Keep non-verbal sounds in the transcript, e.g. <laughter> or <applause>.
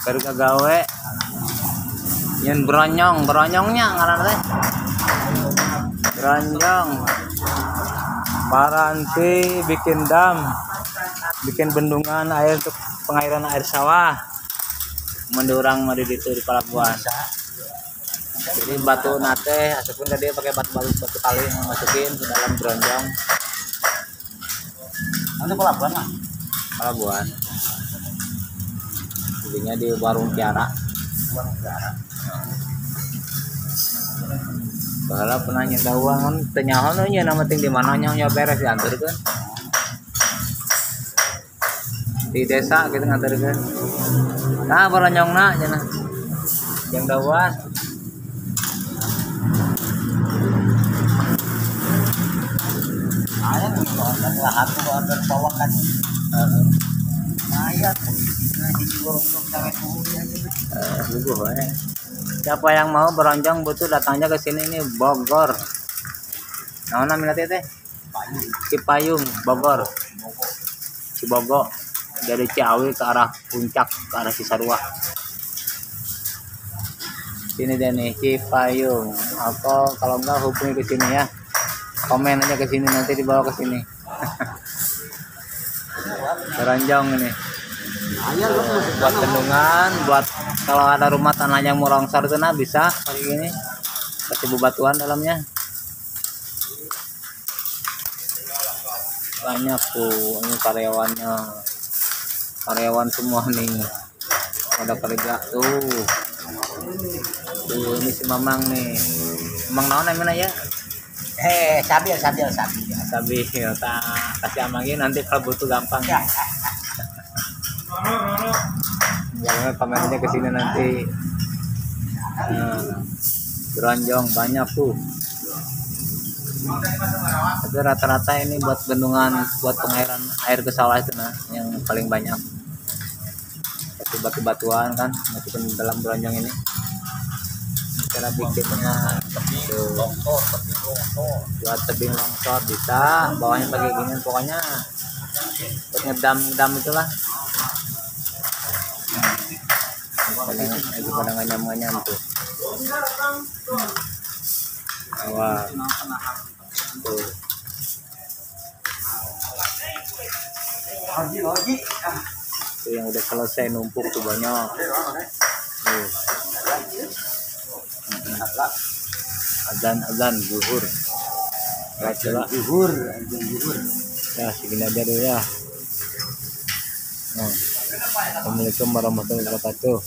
baru gawe yang beronyong beronyongnya ngaran teh beronyong paranti bikin dam bikin bendungan air untuk pengairan air sawah mendurang mari itu di pelabuhan jadi batu nate ataupun tadi pakai batu batu batu kali masukin ke dalam beronjong nanti pelabuhan lah pelabuhan belinya di warung Tiara warung Tiara Bala pernah nyentuh uang kan tenyahan nama ting di mana nyonya beres diantar kan di desa kita gitu, ngantar kan nah bala nyong nak jana yang dawan ayah order lahat order kan? siapa yang mau beronjong butuh datangnya ke sini ini Bogor nah namanya teh Cipayung Bogor Cibogo dari Ciawi ke arah puncak ke arah Cisarua sini deh nih Cipayung atau kalau enggak hubungi ke sini ya komen aja ke sini nanti dibawa ke sini <laughs> beranjang ini buat bendungan, buat kalau ada rumah tanah yang mau longsor bisa kayak ini Kasih bebatuan dalamnya. Banyak tuh ini karyawannya. Karyawan semua nih. Ada kerja tuh. Tuh ini si Mamang nih. Mamang naon namanya ya? Eh, sabil, sabil, sabil. Sabil, ya, tak kasih amangin nanti kalau butuh gampang. Ya. ya jangan pemainnya ke sini nanti nah, banyak tuh tapi rata-rata ini buat bendungan buat pengairan air ke sawah itu nah yang paling banyak itu batu-batuan kan masukin dalam beranjong ini cara bikinnya buat tebing longsor bisa bawahnya pakai gini pokoknya buat dam ngedam itulah itu lagi pa tuh. nganyam tuh Lagi lagi. Itu yang udah selesai numpuk tuh banyak. Tuh. Azan-azan zuhur. Rajalah zuhur, zuhur. Ya, segini aja dulu ya. Oh. Assalamualaikum warahmatullahi wabarakatuh